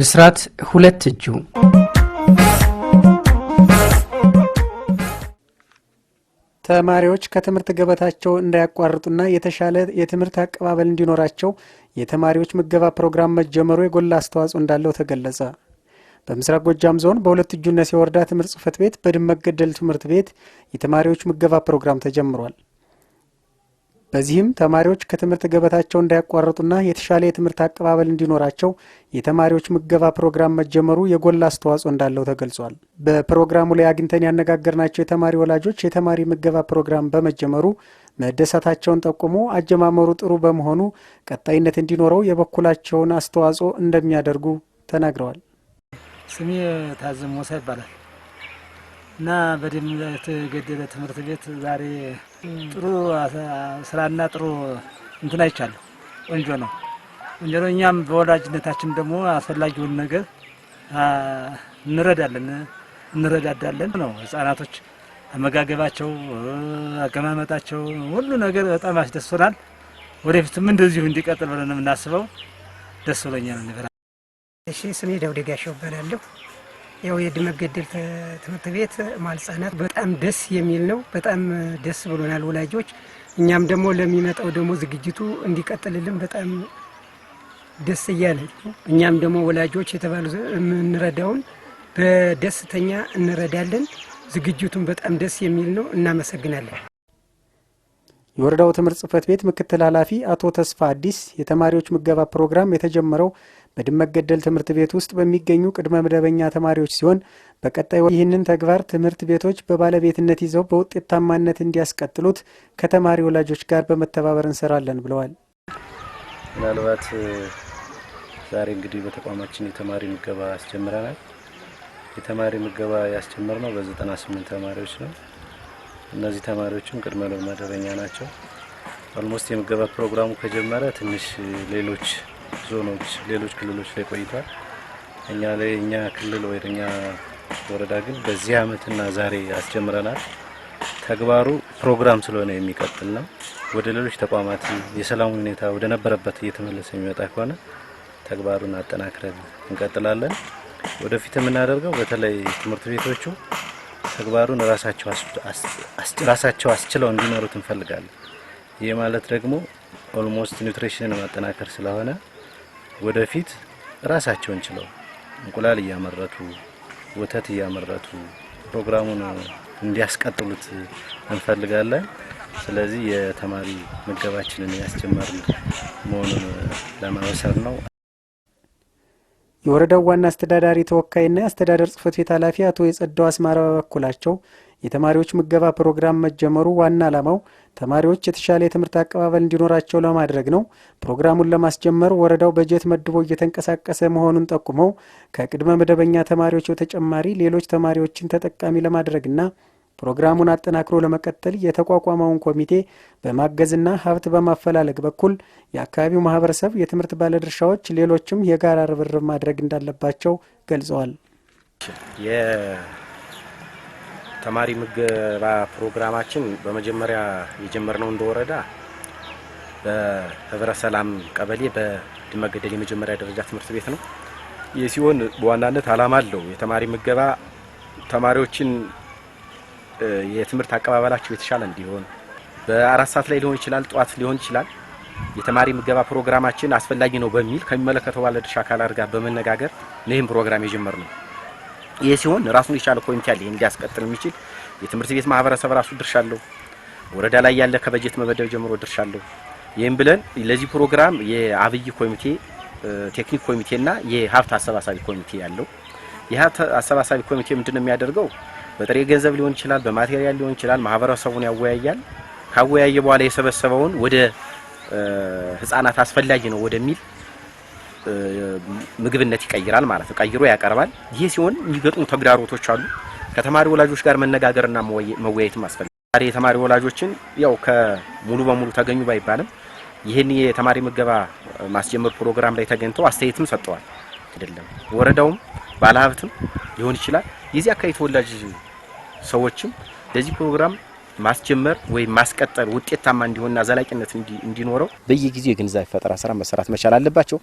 ብስራት ሁለት እጁ ተማሪዎች ከትምህርት ገበታቸው እንዳያቋርጡና የተሻለ የትምህርት አቀባበል እንዲኖራቸው የተማሪዎች ምገባ ፕሮግራም መጀመሩ የጎላ አስተዋጽኦ እንዳለው ተገለጸ። በምስራቅ ጎጃም ዞን በሁለት እጁነት እነሴ ትምህርት ጽሕፈት ቤት በድመገደል ትምህርት ቤት የተማሪዎች ምገባ ፕሮግራም ተጀምሯል። በዚህም ተማሪዎች ከትምህርት ገበታቸው እንዳያቋረጡና የተሻለ የትምህርት አቀባበል እንዲኖራቸው የተማሪዎች ምገባ ፕሮግራም መጀመሩ የጎላ አስተዋጽኦ እንዳለው ተገልጿል። በፕሮግራሙ ላይ አግኝተን ያነጋገርናቸው የተማሪ ወላጆች የተማሪ ምገባ ፕሮግራም በመጀመሩ መደሰታቸውን ጠቁሞ አጀማመሩ ጥሩ በመሆኑ ቀጣይነት እንዲኖረው የበኩላቸውን አስተዋጽኦ እንደሚያደርጉ ተናግረዋል። ስሜ ታዘብ ይባላል እና በደም የተገደለ ትምህርት ቤት ዛሬ ጥሩ ስራና ጥሩ እንትን አይቻለሁ። ቆንጆ ነው፣ ቆንጆ ነው። እኛም በወላጅነታችን ደግሞ አስፈላጊውን ነገር እንረዳለን እንረዳዳለን ነው። ህጻናቶች አመጋገባቸው፣ አቀማመጣቸው፣ ሁሉ ነገር በጣም አስደስቶናል። ወደፊትም እንደዚሁ እንዲቀጥል ብለን የምናስበው ደስ ብሎኛል። እሺ፣ ስሜ ደውደጋሸው እባላለሁ። ያው የድመ ገደል ትምህርት ቤት ማልጻናት በጣም ደስ የሚል ነው። በጣም ደስ ብሎናል ወላጆች። እኛም ደግሞ ለሚመጣው ደግሞ ዝግጅቱ እንዲቀጥልልን በጣም ደስ እያለ እኛም ደግሞ ወላጆች የተባሉ የምንረዳውን በደስተኛ እንረዳለን። ዝግጅቱን በጣም ደስ የሚል ነው። እናመሰግናለን። የወረዳው ትምህርት ጽህፈት ቤት ምክትል ኃላፊ አቶ ተስፋ አዲስ የተማሪዎች ምገባ ፕሮግራም የተጀመረው በድመት ገደል ትምህርት ቤት ውስጥ በሚገኙ ቅድመ መደበኛ ተማሪዎች ሲሆን በቀጣይ ይህንን ተግባር ትምህርት ቤቶች በባለቤትነት ይዘው በውጤታማነት እንዲያስቀጥሉት ከተማሪ ወላጆች ጋር በመተባበር እንሰራለን ብለዋል። ምናልባት ዛሬ እንግዲህ በተቋማችን የተማሪ ምገባ አስጀምረናል። የተማሪ ምገባ ያስጀመርነው በዘጠና ስምንት ተማሪዎች ነው። እነዚህ ተማሪዎችም ቅድመ መደበኛ ናቸው። ኦልሞስት የምገባ ፕሮግራሙ ከጀመረ ትንሽ ሌሎች ዞኖች፣ ሌሎች ክልሎች ላይ ቆይቷል። እኛ ላይ እኛ ክልል ወይ እኛ ወረዳ ግን በዚህ አመትና ዛሬ አስጀምረናል። ተግባሩ ፕሮግራም ስለሆነ የሚቀጥል ነው። ወደ ሌሎች ተቋማት የሰላም ሁኔታ ወደ ነበረበት እየተመለሰ የሚመጣ ከሆነ ተግባሩን አጠናክረን እንቀጥላለን። ወደፊት የምናደርገው በተለይ ትምህርት ቤቶቹ ተግባሩን ራሳቸው አስችለው እንዲኖሩት እንፈልጋለን። ይህ ማለት ደግሞ ኦልሞስት ኒውትሪሽንን ማጠናከር ስለሆነ ወደፊት ራሳቸውን ችለው እንቁላል እያመረቱ ወተት እያመረቱ ፕሮግራሙን እንዲያስቀጥሉት እንፈልጋለን። ስለዚህ የተማሪ ምገባችንን ያስጀመርን መሆኑን ለማበሰር ነው። የወረዳው ዋና አስተዳዳሪ ተወካይና የአስተዳደር ጽህፈት ቤት ኃላፊ አቶ የጸዳው አስማራ በበኩላቸው የተማሪዎች ምገባ ፕሮግራም መጀመሩ ዋና ዓላማው ተማሪዎች የተሻለ የትምህርት አቀባበል እንዲኖራቸው ለማድረግ ነው። ፕሮግራሙን ለማስጀመር ወረዳው በጀት መድቦ እየተንቀሳቀሰ መሆኑን ጠቁመው ከቅድመ መደበኛ ተማሪዎች በተጨማሪ ሌሎች ተማሪዎችን ተጠቃሚ ለማድረግና ፕሮግራሙን አጠናክሮ ለመቀጠል የተቋቋመውን ኮሚቴ በማገዝና ሀብት በማፈላለግ በኩል የአካባቢው ማህበረሰብ፣ የትምህርት ባለድርሻዎች፣ ሌሎችም የጋራ ርብርብ ማድረግ እንዳለባቸው ገልጸዋል። ተማሪ ምገባ ፕሮግራማችን በመጀመሪያ የጀመርነው እንደ ወረዳ በህብረ ሰላም ቀበሌ በድመገደል የመጀመሪያ ደረጃ ትምህርት ቤት ነው። ይህ ሲሆን በዋናነት አላማ አለው። የተማሪ ምገባ ተማሪዎችን የትምህርት አቀባበላቸው የተሻለ እንዲሆን በአራት ሰዓት ላይ ሊሆን ይችላል፣ ጠዋት ሊሆን ይችላል። የተማሪ ምገባ ፕሮግራማችን አስፈላጊ ነው በሚል ከሚመለከተው ባለድርሻ አካላት ጋር በመነጋገር ይህም ፕሮግራም የጀመርነው ይህ ሲሆን ራሱን የቻለ ኮሚቴ አለ እንዲያስቀጥል የሚችል የትምህርት ቤት ማህበረሰብ ራሱ ድርሻ አለው። ወረዳ ላይ ያለ ከበጀት መበደብ ጀምሮ ድርሻ አለው። ይህም ብለን ለዚህ ፕሮግራም የአብይ ኮሚቴ ቴክኒክ ኮሚቴና የሀብት አሰባሳቢ ኮሚቴ ያለው የሀብት አሰባሳቢ ኮሚቴ ምንድን ነው የሚያደርገው? በጥሬ ገንዘብ ሊሆን ይችላል፣ በማቴሪያል ሊሆን ይችላል። ማህበረሰቡን ያወያያል። ካወያየ በኋላ የሰበሰበውን ወደ ህጻናት አስፈላጊ ነው ወደሚል ምግብነት ይቀይራል ማለት ነው። ቀይሮ ያቀርባል። ይሄ ሲሆን የሚገጥሙ ተግዳሮቶች አሉ። ከተማሪ ወላጆች ጋር መነጋገርና መወያየትም አስፈላጊ ዛሬ የተማሪ ወላጆችን ያው ከሙሉ በሙሉ ተገኙ ባይባልም ይህን የተማሪ ምገባ ማስጀመር ፕሮግራም ላይ ተገኝተው አስተያየትም ሰጥተዋል። አይደለም ወረዳውም ባለሀብትም ሊሆን ይችላል የዚህ አካባቢ ተወላጅ ሰዎችም ለዚህ ፕሮግራም ማስጀመር ወይም ማስቀጠል ውጤታማ እንዲሆንና ዘላቂነት እንዲኖረው በየጊዜው የግንዛቤ ፈጠራ ስራ መሰራት መቻል አለባቸው።